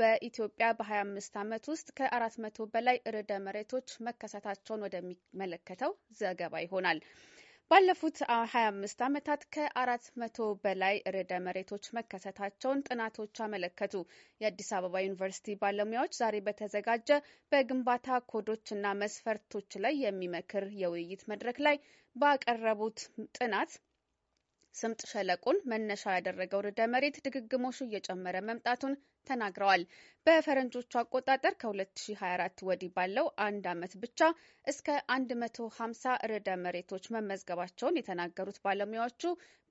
በኢትዮጵያ በ25 ዓመት ውስጥ ከ400 በላይ ርዕደ መሬቶች መከሰታቸውን ወደሚመለከተው ዘገባ ይሆናል። ባለፉት 25 ዓመታት ከ400 በላይ ርዕደ መሬቶች መከሰታቸውን ጥናቶች አመለከቱ። የአዲስ አበባ ዩኒቨርሲቲ ባለሙያዎች ዛሬ በተዘጋጀ በግንባታ ኮዶችና መስፈርቶች ላይ የሚመክር የውይይት መድረክ ላይ ባቀረቡት ጥናት ስምጥ ሸለቆን መነሻ ያደረገው ርዕደ መሬት ድግግሞሹ እየጨመረ መምጣቱን ተናግረዋል። በፈረንጆቹ አቆጣጠር ከ2024 ወዲህ ባለው አንድ ዓመት ብቻ እስከ 150 ርዕደ መሬቶች መመዝገባቸውን የተናገሩት ባለሙያዎቹ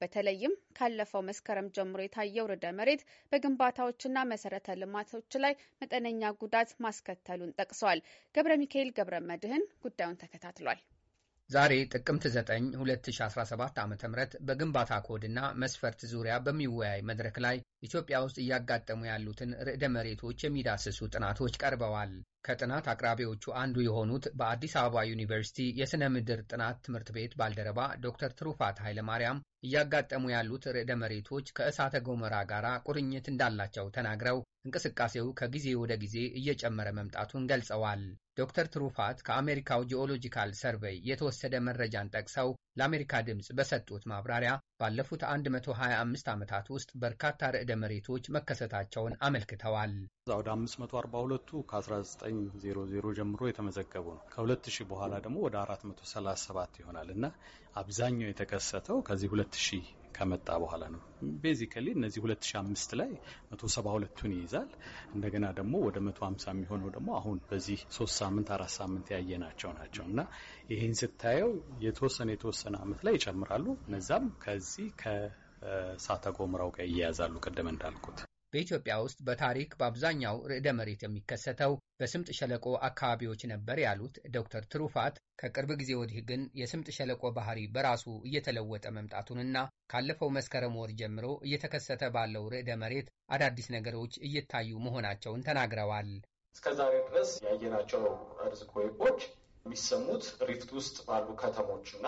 በተለይም ካለፈው መስከረም ጀምሮ የታየው ርዕደ መሬት በግንባታዎችና መሰረተ ልማቶች ላይ መጠነኛ ጉዳት ማስከተሉን ጠቅሰዋል። ገብረ ሚካኤል ገብረ መድህን ጉዳዩን ተከታትሏል። ዛሬ ጥቅምት 9 2017 ዓ ም በግንባታ ኮድና መስፈርት ዙሪያ በሚወያይ መድረክ ላይ ኢትዮጵያ ውስጥ እያጋጠሙ ያሉትን ርዕደ መሬቶች የሚዳስሱ ጥናቶች ቀርበዋል። ከጥናት አቅራቢዎቹ አንዱ የሆኑት በአዲስ አበባ ዩኒቨርሲቲ የሥነ ምድር ጥናት ትምህርት ቤት ባልደረባ ዶክተር ትሩፋት ኃይለማርያም እያጋጠሙ ያሉት ርዕደ መሬቶች ከእሳተ ገሞራ ጋር ቁርኝት እንዳላቸው ተናግረው እንቅስቃሴው ከጊዜ ወደ ጊዜ እየጨመረ መምጣቱን ገልጸዋል። ዶክተር ትሩፋት ከአሜሪካው ጂኦሎጂካል ሰርቬይ የተወሰደ መረጃን ጠቅሰው ለአሜሪካ ድምፅ በሰጡት ማብራሪያ ባለፉት 125 ዓመታት ውስጥ በርካታ ርዕደ መሬቶች መከሰታቸውን አመልክተዋል። ወደ 542ቱ ከ19 1900 ጀምሮ የተመዘገቡ ነው። ከ2000 በኋላ ደግሞ ወደ 437 ይሆናል እና አብዛኛው የተከሰተው ከዚህ 2000 ከመጣ በኋላ ነው። ቤዚካሊ እነዚህ 2005 ላይ 172ቱን ይይዛል። እንደገና ደግሞ ወደ 150 የሚሆነው ደግሞ አሁን በዚህ 3 ሳምንት አራት ሳምንት ያየናቸው ናቸው እና ይህን ስታየው የተወሰነ የተወሰነ አመት ላይ ይጨምራሉ። እነዛም ከዚህ ከእሳተ ገሞራው ጋር ይያያዛሉ ቅድም እንዳልኩት በኢትዮጵያ ውስጥ በታሪክ በአብዛኛው ርዕደ መሬት የሚከሰተው በስምጥ ሸለቆ አካባቢዎች ነበር ያሉት ዶክተር ትሩፋት ከቅርብ ጊዜ ወዲህ ግን የስምጥ ሸለቆ ባህሪ በራሱ እየተለወጠ መምጣቱንና ካለፈው መስከረም ወር ጀምሮ እየተከሰተ ባለው ርዕደ መሬት አዳዲስ ነገሮች እየታዩ መሆናቸውን ተናግረዋል። እስከዛሬ ድረስ ያየናቸው እርዝክዌኮች የሚሰሙት ሪፍት ውስጥ ባሉ ከተሞችና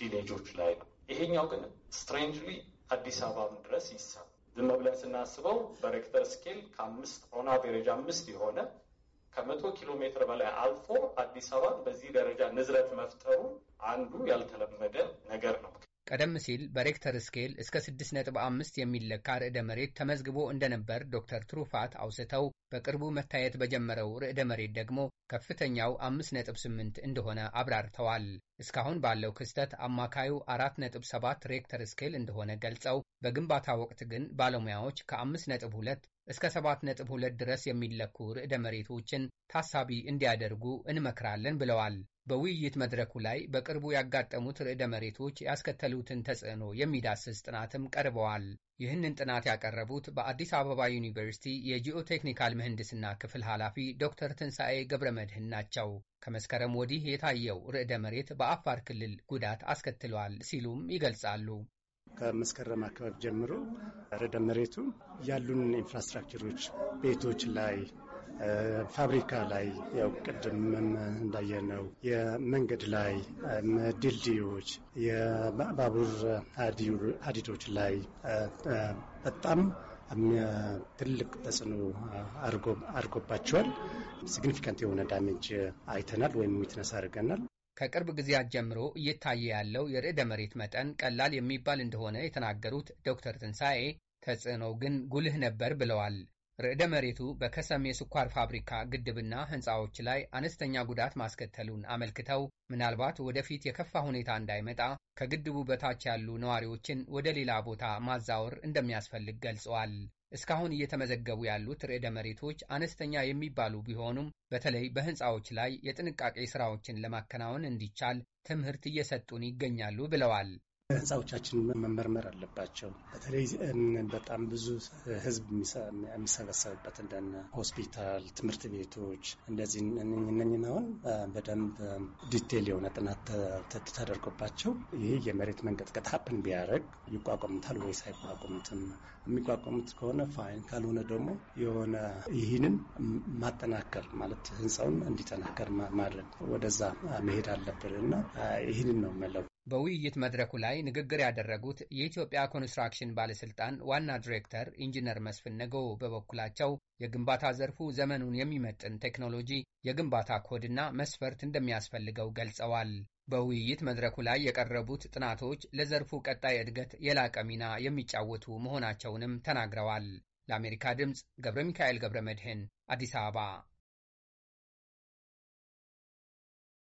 ቪሌጆች ላይ ነው። ይሄኛው ግን ስትሬንጅሊ አዲስ አበባም ድረስ ይሰማል። ዝም ብለን ስናስበው በሬክተር ስኬል ከአምስት ኦን አቬሬጅ አምስት የሆነ ከመቶ ኪሎ ሜትር በላይ አልፎ አዲስ አበባን በዚህ ደረጃ ንዝረት መፍጠሩ አንዱ ያልተለመደ ነገር ነው። ቀደም ሲል በሬክተር ስኬል እስከ 6.5 የሚለካ ርዕደ መሬት ተመዝግቦ እንደነበር ዶክተር ትሩፋት አውስተው በቅርቡ መታየት በጀመረው ርዕደ መሬት ደግሞ ከፍተኛው 5.8 እንደሆነ አብራርተዋል። እስካሁን ባለው ክስተት አማካዩ 4.7 ሬክተር ስኬል እንደሆነ ገልጸው በግንባታ ወቅት ግን ባለሙያዎች ከ5.2 እስከ 7.2 ድረስ የሚለኩ ርዕደ መሬቶችን ታሳቢ እንዲያደርጉ እንመክራለን ብለዋል። በውይይት መድረኩ ላይ በቅርቡ ያጋጠሙት ርዕደ መሬቶች ያስከተሉትን ተጽዕኖ የሚዳስስ ጥናትም ቀርበዋል። ይህንን ጥናት ያቀረቡት በአዲስ አበባ ዩኒቨርሲቲ የጂኦቴክኒካል ምህንድስና ክፍል ኃላፊ ዶክተር ትንሣኤ ገብረ መድህን ናቸው። ከመስከረም ወዲህ የታየው ርዕደ መሬት በአፋር ክልል ጉዳት አስከትሏል ሲሉም ይገልጻሉ። ከመስከረም አካባቢ ጀምሮ ረደ መሬቱ ያሉን ኢንፍራስትራክቸሮች ቤቶች ላይ ፋብሪካ ላይ ያው ቅድም ነው፣ የመንገድ ላይ ድልድዮች፣ የባቡር ሀዲዶች ላይ በጣም ትልቅ ተጽዕኖ አድርጎባቸዋል። ሲግኒፊካንት የሆነ ዳሜጅ አይተናል ወይም ዊትነስ አድርገናል። ከቅርብ ጊዜያት ጀምሮ እየታየ ያለው የርዕደ መሬት መጠን ቀላል የሚባል እንደሆነ የተናገሩት ዶክተር ትንሣኤ ተጽዕኖው ግን ጉልህ ነበር ብለዋል። ርዕደ መሬቱ በከሰም የስኳር ፋብሪካ ግድብና ሕንፃዎች ላይ አነስተኛ ጉዳት ማስከተሉን አመልክተው ምናልባት ወደፊት የከፋ ሁኔታ እንዳይመጣ ከግድቡ በታች ያሉ ነዋሪዎችን ወደ ሌላ ቦታ ማዛወር እንደሚያስፈልግ ገልጸዋል። እስካሁን እየተመዘገቡ ያሉት ርዕደ መሬቶች አነስተኛ የሚባሉ ቢሆኑም በተለይ በሕንፃዎች ላይ የጥንቃቄ ሥራዎችን ለማከናወን እንዲቻል ትምህርት እየሰጡን ይገኛሉ ብለዋል። ህንፃዎቻችን መመርመር አለባቸው። በተለይ በጣም ብዙ ህዝብ የሚሰበሰብበት እንደነ ሆስፒታል፣ ትምህርት ቤቶች እንደዚህ እነኝን አሁን በደንብ ዲቴል የሆነ ጥናት ተደርጎባቸው ይሄ የመሬት መንቀጥቀጥ ሀፕን ቢያደርግ ይቋቋሙታል ወይስ አይቋቋሙትም? የሚቋቋሙት ከሆነ ፋይን፣ ካልሆነ ደግሞ የሆነ ይህንን ማጠናከር ማለት ህንፃውን እንዲጠናከር ማድረግ ወደዛ መሄድ አለብን እና ይህንን ነው መለው በውይይት መድረኩ ላይ ንግግር ያደረጉት የኢትዮጵያ ኮንስትራክሽን ባለስልጣን ዋና ዲሬክተር ኢንጂነር መስፍን ነጎ በበኩላቸው የግንባታ ዘርፉ ዘመኑን የሚመጥን ቴክኖሎጂ፣ የግንባታ ኮድና መስፈርት እንደሚያስፈልገው ገልጸዋል። በውይይት መድረኩ ላይ የቀረቡት ጥናቶች ለዘርፉ ቀጣይ እድገት የላቀ ሚና የሚጫወቱ መሆናቸውንም ተናግረዋል። ለአሜሪካ ድምፅ ገብረ ሚካኤል ገብረ መድህን አዲስ አበባ